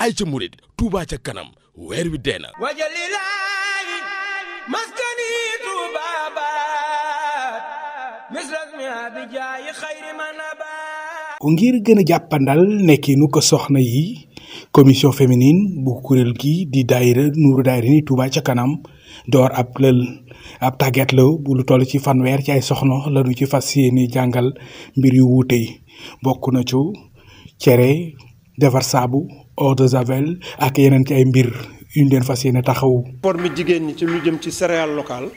ay ca murit Touba ca kanam weer wi dee na wajalilaayi maskani Touba baat ngir gën a jàppandal nekkinu ko soxna yi commission féminine bu kuréel gi di daayira nuuru daayira ni Touba ca kanam door ab lël ab tàggat bu lu toll ci fanweer ci ay soxna lañu ci fas yéene jàngal mbir yu wuute bokk na ci cere defar saabu eau de javel ak yeneen ci ay mbir yu ñu leen fas yéene taxawu. jigéen ñi ci lu jëm ci céréale local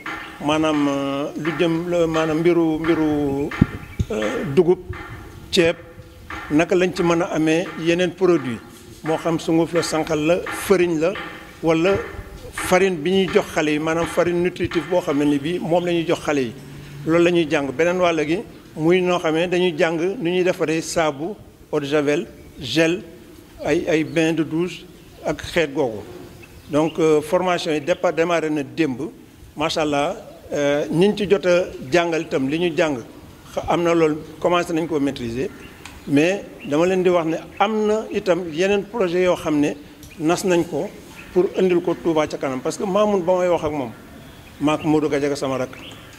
maanaam euh, lu jëm euh, maanaam mbiru mbiru euh, dugub ceeb naka lañ ci mën a amee yeneen produit moo xam sunguf la sànqal la farine la wala farine bi ñuy jox xale yi maanaam farine nutritive boo xam ni bii moom la ñuy jox xale yi loolu la ñuy jàng beneen wàll gi muy noo xamee dañuy jàng nu ñuy defaree saabu eau de javel gel. ay ay bain de douche ak xeet googu donc euh, formation yi départ démarré na démb macha allah euh, ñi ñu ci jot jàngal itam li ñu jàng am na lool commencé nañ ko maîtriser mais dama leen di wax ne am na itam yeneen projet yoo xam ne nas nañ ko pour indil ko Touba ca kanam parce que Mamoun ba may wax ak moom maak Modou Gadiaga sama rak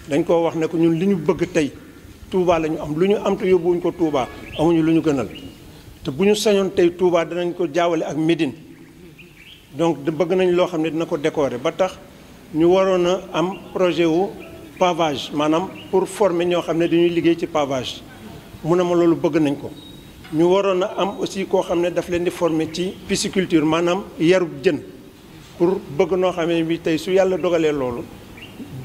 dañ koo wax ne ko ñun li ñu bëgg tey Touba la ñu am lu ñu am te yóbbuwuñ ko Touba amuñu lu ñu gënal. te bu ñu sañoon tey Touba danañ ko jaawale ak Médine donc bëgg nañ loo xam ne dina ko décorer ba tax ñu waroon a am projet wu pavage maanaam pour former ñoo xam ne dañuy liggéey ci pavage mu ne ma loolu bëgg nañ ko ñu waroon a am aussi koo xam ne daf leen di former ci pisciculture maanaam yarub jën pour bëgg noo xam ne bi tey su yàlla dogalee loolu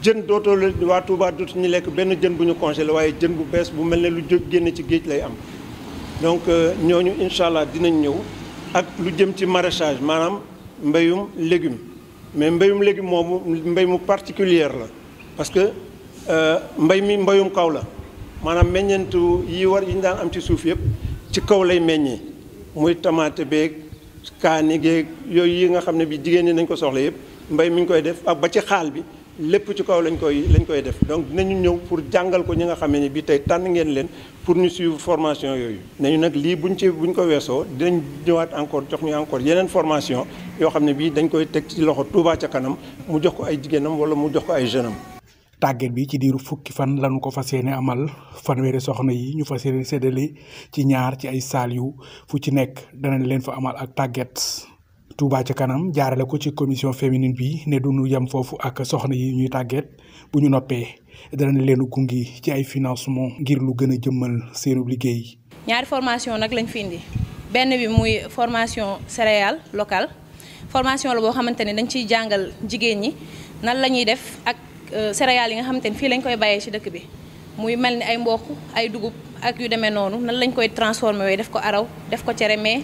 jën dootoo la waa Touba dootu ñu lekk benn jën bu ñu congelé waaye jën bu bees bu mel ne lu jóg génne ci géej lay am donc euh, ñooñu incha allah dinañ ñëw ak lu jëm ci maraîchage maanaam mbayum légume mais mbéyum légume moomu mbéy mu particulière la parce que euh, mbéy mi mbayum kaw la maanaam meññeentu yi war yi ñu daan am ci suuf yëpp ci kaw lay meññee muy tamaate beeg kaani geeg yooyu yi nga xam ne bi jigéen ñi nañ ko soxla yëpp mbay mi ñu koy def ak ba ci xaal bi lépp ci kaw lañ koy lañ koy def donc dinañu ñëw pour jàngal ko ñi nga xam ne bi tey tànn ngeen leen pour ñu suivre formation yooyu nañu nag lii buñ ci buñ ko weesoo dinañ ñëwaat encore jox ñu encore yeneen formation yoo xam ne bii dañ koy teg ci loxo Touba ca kanam mu jox ko ay jigéenam wala mu jox ko ay jeune am tàgget bi ci diiru fukki fan lañu ko fas yéene amal fan weeri soxna yi ñu fa yéene séddale ci ñaar ci ay saal yu fu ci nekk danañ leen fa amal ak tàgget Touba ca kanam jaarale ko ci commission féminine bi ne du ñu yem foofu ak soxna yi ñuy tàgget bu ñu noppee danañ leen gungi ci ay financement ngir lu gën a jëmmal seenub liggéey. ñaari formation nag lañ fi benn bi muy formation céréale locale formation la boo xamante ne dañ ciy jàngal jigéen ñi nan la ñuy def ak euh, céréales yi nga xamante ni fii lañ koy bàyyee ci dëkk bi muy mel ni ay mboq ay dugub ak yu demee noonu nan lañ koy transformé wooyu def ko araw def ko cere mais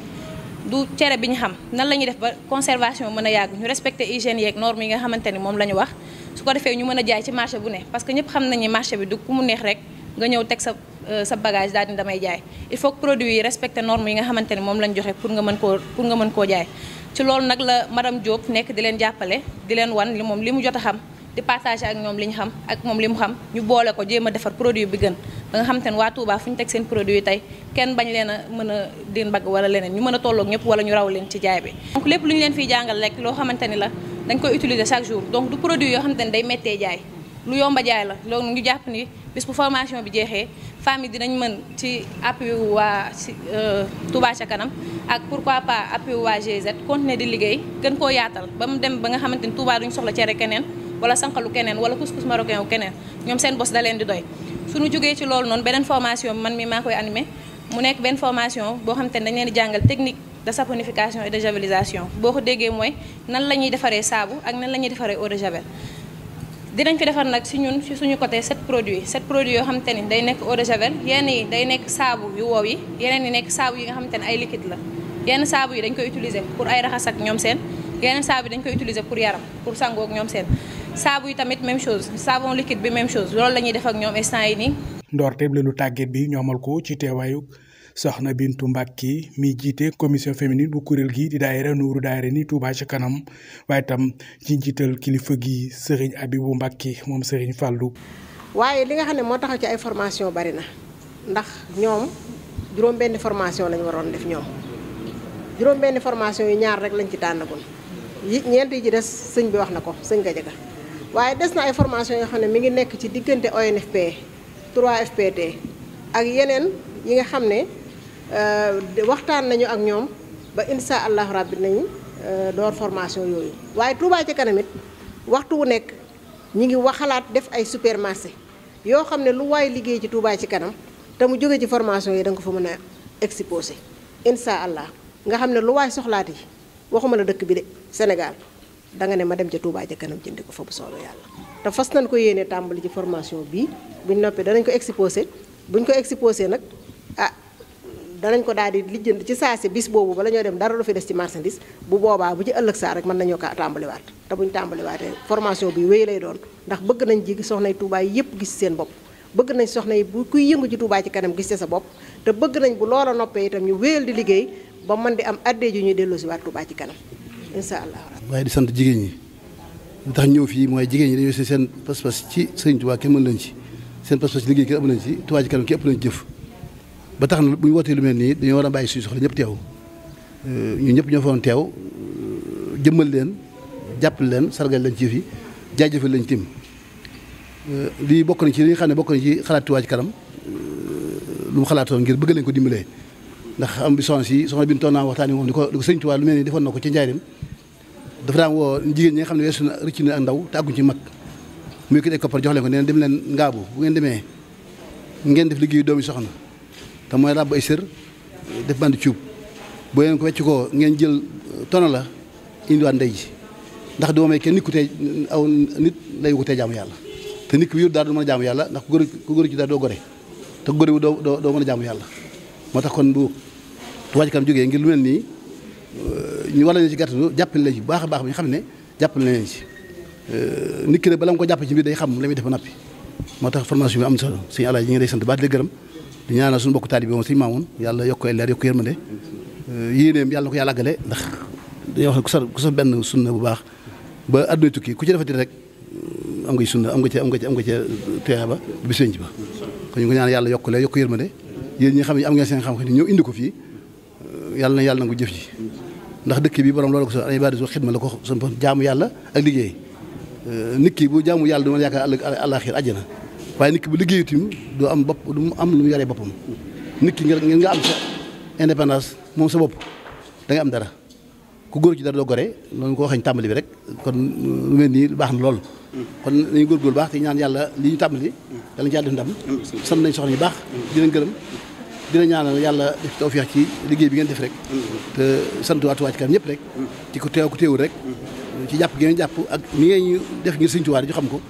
du cere bi ñu xam nan la ñuy def ba conservation mën a yàgg ñu respecté hygiène yeeg normes yi nga xamante ni moom la ñu wax su ko defee ñu mën a jaay ci marché bu ne parce que ñëpp xam nañu marché bi du ku mu neex rek nga ñëw teg sa euh, sa bagage daal damay jaay il faut que produit yi respecté normes yi nga xamante ne moom lañ joxe pour nga mën koo pour nga mën koo jaay ci loolu nag la madame Diop nekk di leen jàppale di leen wan li moom li mu jot a xam di partager ak ñoom li ñu xam ak moom li mu xam ñu boole ko jéem a defar produit bi gën ba nga xamante ne waa Touba fu ñu teg seen produit tey kenn bañ leen mën a diin wala leneen ñu mën a tolloog ñëpp wala ñu raw leen ci jaay bi donc lépp lu ñu leen fiy jàngal rek loo xamante ni la dañ koy utiliser chaque jour donc du produit yoo xamante ne day méttee jaay lu yomba jaay la loolu ñu jàpp ni bis bu formation bi jeexee femmes yi dinañ mën ci appui waa ci euh, Touba ca kanam ak pourquoi pas appui waa GIZ continuer di liggéey gën koo yaatal ba mu dem ba nga xamante ni Touba duñ soxla cere keneen wala sanqalu keneen wala couscous marocain wu keneen ñoom seen bos da leen di doy. suñu jógee ci loolu noonu beneen formation man mi maa koy animé mu nekk benn formation boo xamante ne dañ leen di jàngal technique. de saponification et de javelisation boo ko déggee mooy nan la ñuy defaree saabu ak nan la ñuy defaree eau de javel. dinañ fi defar nag si ñun si suñu côté sept produits sept produits yoo xamante ni day nekk eau de javel yenn yi day nekk saabu yu wow yi yeneen yi nekk saabu yi nga xamante ne ay liquide la yenn saabu yi dañ koy utiliser pour ay raxas ak ñoom seen yenn saabu yi dañ koy utiliser pour yaram pour sangoo ak ñoom seen saabu yi tamit même chose savon liquide bi même chose loolu la ñuy def ak ñoom instant yi nii. ndoorteeb lu tàgget bi ñoomal ko ci teewaayu. soxna Bintu Mbàkki mi jiite commission féminine bu kuréel gi di daayira Nuuru daayira ni Touba ca kanam waaye tam ci njiital kilifa gi Serigne Abibu Mbàkki moom Serigne Fàllu waaye li nga xam ne moo taxaw ci ay formation bari na ndax ñoom juróom benn formation lañu waroon def ñoom juróom benn formation yi ñaar rek lañ ci tànnagul yi ñeent yi ci des sëñ bi wax na ko sëñ Gajaga waaye des na ay formation yoo xam ne mi ngi nekk ci diggante ONFP 3FPT yeneen yi nga xam ne Euh, waxtaan nañu ak ñoom ba insha allahu ràbbi nañu euh, door formation yooyu waaye Touba ca kanam it waxtu wu nekk ñi ngi wax xalaat def ay supermarché yoo xam ne lu waay liggéey ci Touba ci kanam te mu jóge ci formation yi da ko fa mën a exposé insha allah nga xam ne lu waay soxlaat yi waxuma la dëkk bi de Sénégal da nga ne ma dem ca Touba ca kanam jëndi ko fa bu soobee yàlla te fas nañ ko yéene tàmbali ci formation bii bu ñu noppee danañ ko exposé buñ ko exposé nag danañ ko daal di lijjanti ci saa si bis boobu bala ñoo dem dara lu fi des ci marchandise bu boobaa bu ci ëllëg saa rek mën nañoo kaa tàmbaliwaat te buñ tàmbaliwaatee formation bi wéy lay doon ndax bëgg nañ ji soxnay Touba yépp gis seen bopp bëgg nañ soxna yi bu kuy yëngu ci Touba ci kanam gis ci sa bopp te bëgg nañ bu loola noppee itam ñu wéyal di liggéey ba mën di am addee ju ñuy delloosi waat Touba ci kanam incha allah. waaye di sant jigéen ñi li tax ñëw fii mooy jigéen ñi dañoo seen pas-pas ci Sëriñ Touba kenn mën leen ci seen pas-pas ci liggéey kenn ëpp nañ ci Touba ci kanam kenn ëpp ba tax na bu ñu wootee lu mel nii dañoo war a bàyyi suñu soxla ñëpp teew euh, ñu ñëpp ñoo fa woon teew euh, jëmmal leen jàppal leen sargal leen ci fi jaajëfal leen tim euh, lii bokk na ci li nga xam ne bokk na ci xalaat Touba lu xalaatoon ngir bëgg leen ko dimbalee ndax am bi si soxna bi toog naa waxtaanee moom di ko di ko sëñ Touba lu mel nii defoon na ko ci njaarim dafa daan woo jigéen ñi xam ne weesu na rëcc ak ndaw te àgguñ ci mag muy ki ko koppar jox leen ko neen dem leen ngaabu bu ngeen demee ngeen def liggéeyu doomi soxna te mooy ràbb ay sër def bandi cuub boo ngeen ko wecc koo ngeen jël euh, tono la indiwaat ndey ji ndax du kenn nit ku aw nit lay wutee jaamu yàlla te nit ku yor du mën a jaamu yàlla ndax ku góor ku góor ci daal doo gore wu doo doo mën a jaamu yàlla moo tax kon bu Touba Ca Kanam jógee ngir lu mel nii euh, ñu war leen ci gàttal jàpp leen ci baax baax bi ñu xam ne jàppale leen ci euh, nit ki ne bala nga ko jàpp ci mbir day xam la muy def ba noppi moo tax formation bi am solo suñu alaay yi ngi day sant baax di gërëm di ñaanal suñu mbokku taalibe moom sëñ Maamoun yàlla yokk leer yokk yërmande euh, yéeneem yàlla na ko yàlla àggale ndax dañuy wax ne ku sa ku sa benn bu baax ba àdduna tukki ku ci defati rek euh, am nga ci sunna am nga ci am nga ci am nga ci teeya ba bi sëñ ba kon ñu ko ñaan yàlla yokk leer yokk yërmande yéen ñi xam ne am ngeen seen xam-xam ñëw indi ko fii euh, yàlla na yàlla nangu jëf ji ndax dëkk bi borom loolu ko so ay badi so xidma la ko sa yàlla ak liggéey nit ki bu jaamu yàlla du ma yaakaar àllaaxir àjjana waaye nit bu liggéeyut itam du am bopp du mu am lu mu yoree boppam nit ki ngir nga am sa indépendance moom sa bopp da am dara ku góor ji dara doo gore noonu ko waxee tàmbali bi rek kon lu mel nii lu baax na lool. kon nañu góorgóorlu baax te ñaan yàlla li ñu tàmbali. danañ ci yàlla def ndam. sant nañ soxna yu baax. dinañ gërëm dina ñaanal yàlla def tawfeex ci liggéey bi ngeen def rek. te sant waa Touba Ca Kanam rek. ci ku teew ku teewul rek. ci jàpp gi ngeen jàpp ak ni ngeen ñu def ngir Sëñ Tuubaa di xam ko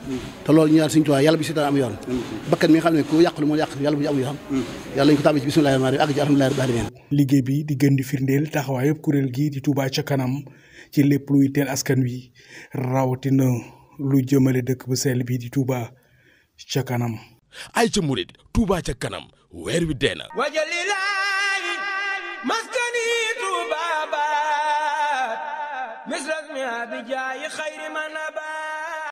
te loolu ñu ñaan Sëñ Tuubaa yàlla bi si daan am yoon bakkan mi xam ne ku yàqulu moo yàq yàlla bu ñu am yoon yàlla ñu ko tàmbali ci bismillahi rahmaani rahim àgg ci alhamdulillahi rabbil liggéey bi di gën di firndeel taxawaayu kuréel gi di tubaa ca kanam ci lépp luy teel askan wi na lu jëmale dëkk bu seel bi di Touba ca kanam ay ca murit Touba ca kanam weer wi dee na misras mi abi jaayi xayri man aba